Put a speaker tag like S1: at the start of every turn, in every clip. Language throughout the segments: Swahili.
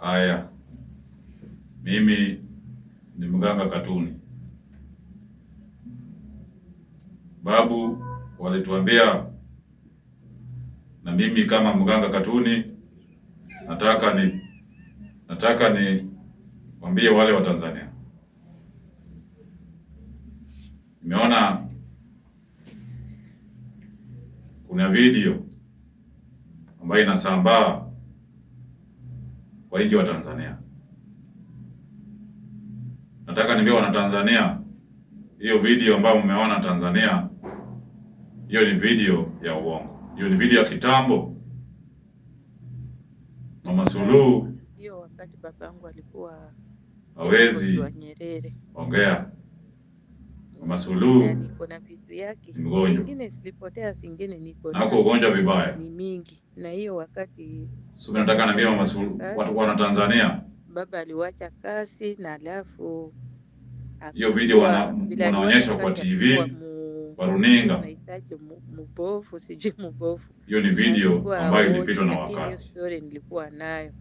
S1: Haya, mimi ni mganga katuni. Babu walituambia, na mimi kama mganga katuni nataka ni nataka ni waambie wale wa Tanzania, nimeona kuna video ambayo inasambaa kwa nchi wa Tanzania. Nataka niambie wana Tanzania, hiyo video ambayo mmeona Tanzania, hiyo ni video ya uongo, hiyo ni video ya kitambo. Mama Suluhu
S2: hiyo wakati babangu alikuwa
S1: hawezi ongea Mama Suluhu
S2: niko na vitu yake, zingine zilipotea, zingine niko
S1: na ugonjwa vibaya,
S2: ni mingi. Na hiyo wakati
S1: sio, nataka mimi Mama Suluhu, watu wa Tanzania,
S2: baba aliwacha kazi na alafu
S1: hiyo video wanaonyesha kwa TV kwa runinga,
S2: nahitaji mbovu, sijui mbovu.
S1: Hiyo ni video ambayo ilipitwa na wakati,
S2: story nilikuwa nayo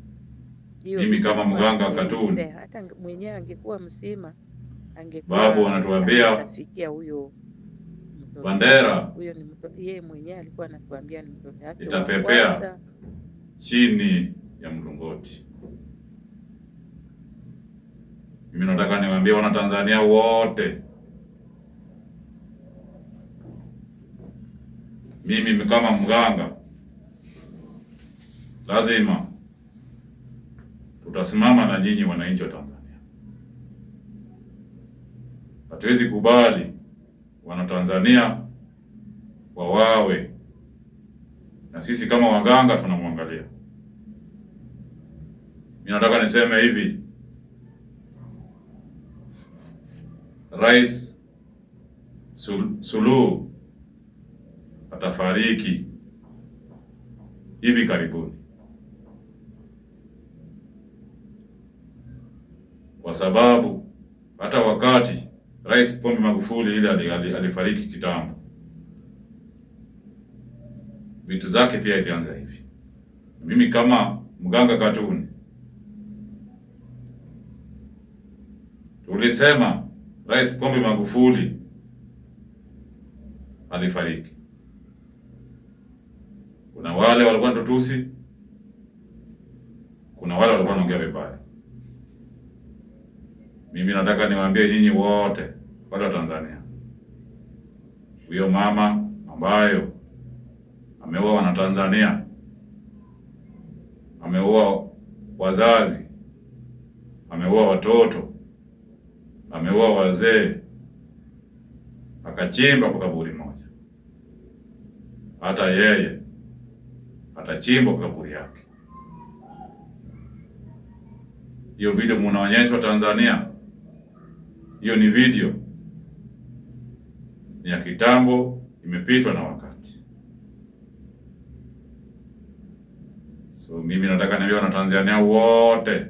S1: mimi kama mganga katuni,
S2: hata mwenyewe angekuwa msima
S1: Babu anatuambia huyo bendera itapepea chini ya mlungoti Mimi nataka niwaambie tanzania wote, mimi kama mganga, lazima tutasimama na nyinyi wananchi wa Tanzania. Hatuwezi kubali Wanatanzania wawawe, na sisi kama waganga tunamwangalia. Mimi nataka niseme hivi, Rais Suluhu atafariki hivi karibuni kwa sababu hata wakati Rais Pombe Magufuli ile alifariki kitambo, vitu zake pia ilianza hivi. Mimi kama mganga katuni tulisema Rais Pombe Magufuli alifariki, kuna wale walikuwa ndotusi, kuna wale walikuwa naongea vibaya mimi nataka niwaambie nyinyi wote watu wa Tanzania, huyo mama ambayo ameua Wanatanzania, ameua wazazi, ameua watoto, ameua wazee, akachimba kwa kaburi moja, hata yeye atachimba kwa kaburi yake. Hiyo video munaonyeshwa Tanzania hiyo ni video, ni ya kitambo, imepitwa na wakati. So mimi nataka niambia wanatanzania wote,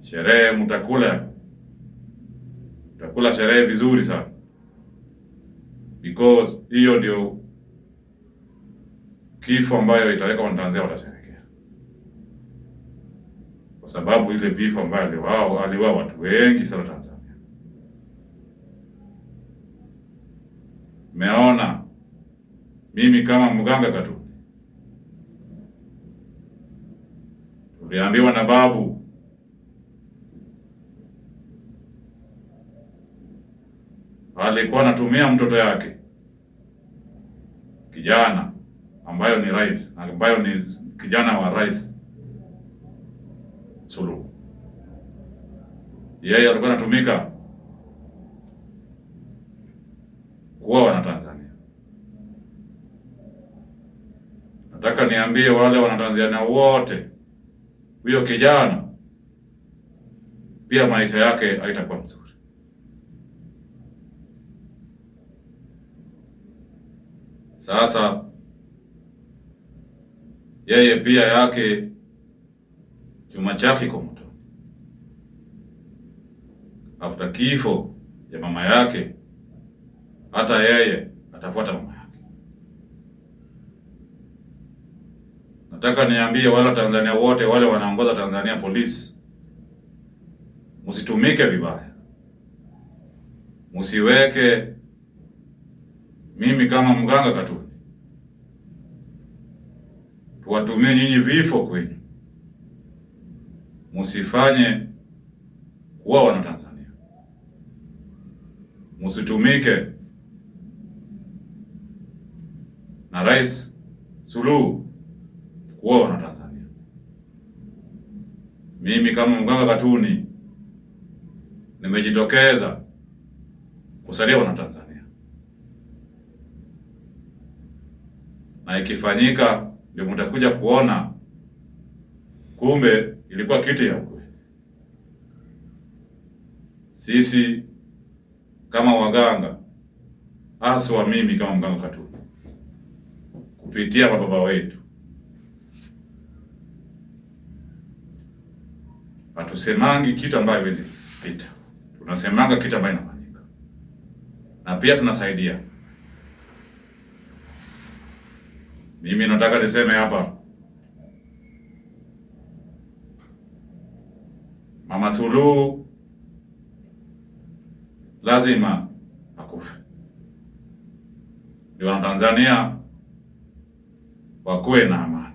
S1: sherehe mtakula, mtakula sherehe vizuri sana, because hiyo ndio kifo ambayo itaweka wanatanzania watasherehe kwa sababu ile vifo ambayo aliwao aliwao watu wengi sana Tanzania. Meona mimi kama mganga Katuni tuliambiwa na babu alikuwa anatumia mtoto yake kijana ambayo ni rais ambayo ni kijana wa rais Suluhu. Yeye alikuwa anatumika kuwa Wanatanzania. Nataka niambie wale Wanatanzania wote, huyo kijana pia maisha yake haitakuwa mzuri. Sasa yeye pia yake Chuma chake kwa mtoni. Afta kifo ya mama yake, hata yeye atafuata mama yake. Nataka niambie wala Tanzania wote, wale wanaongoza Tanzania polisi, msitumike vibaya, msiweke mimi kama mganga katuni, tuwatumie nyinyi vifo kwenu musifanye kuwa wana Tanzania, musitumike na Rais Suluhu kuwa wana Tanzania. Mimi kama mganga katuni nimejitokeza kusalia wana Tanzania, na ikifanyika ndio mtakuja kuona kumbe ilikuwa kitu ya ukweli. Sisi kama waganga, haswa mimi kama mganga Katuli, kupitia kwa baba wetu hatusemangi kitu ambayo haiwezi pita, tunasemanga kitu ambayo inafanyika, na pia tunasaidia. Mimi nataka niseme hapa Mama Suluhu lazima akufe. Ndio Watanzania wakuwe na amani.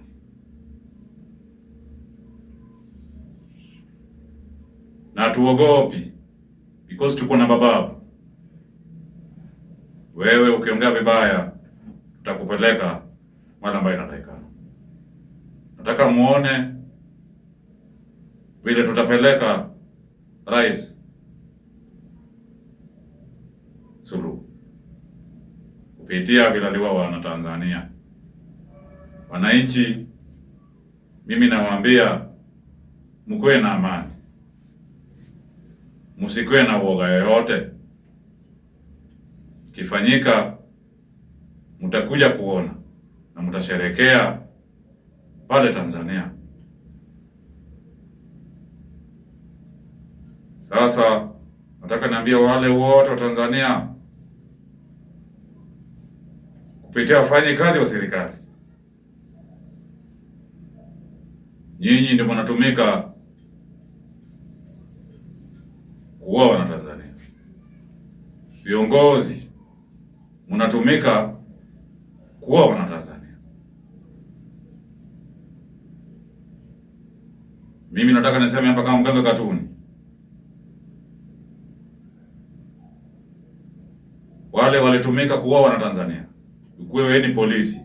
S1: Na tuogopi because tuko na bababu. Wewe ukiongea vibaya tutakupeleka mahali ambayo inatakikana. Nataka muone vile tutapeleka Rais Suluhu kupitia vilaliwa wana Tanzania, wananchi, mimi nawaambia mkuwe na amani, msikuwe na uoga yoyote. Kifanyika mtakuja kuona na mtasherekea pale Tanzania. Sasa nataka niambie wale wote wa Tanzania kupitia kazi wa serikali, nyinyi ndio mnatumika wana tanzania Viongozi mnatumika kuwa wana tanzania Mimi nataka niseme hapa kama mganga katuni wale walitumika kuua Tanzania, ukuwe wewe ni polisi,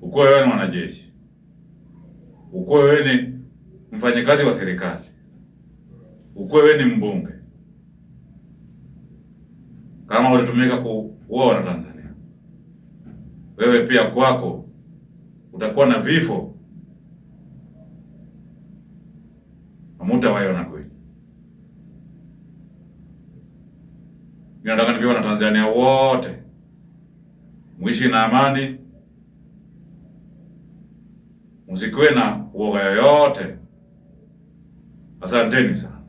S1: ukuwe wewe ni wanajeshi, ukuwe wewe ni mfanyakazi wa serikali, ukuwe wewe ni mbunge, kama walitumika kuua tanzania wewe pia kwako utakuwa na vifo hamutawaona. Nataka nikiwa na Tanzania wote mwishi na amani, msikiwe na uoga yoyote. Asanteni sana.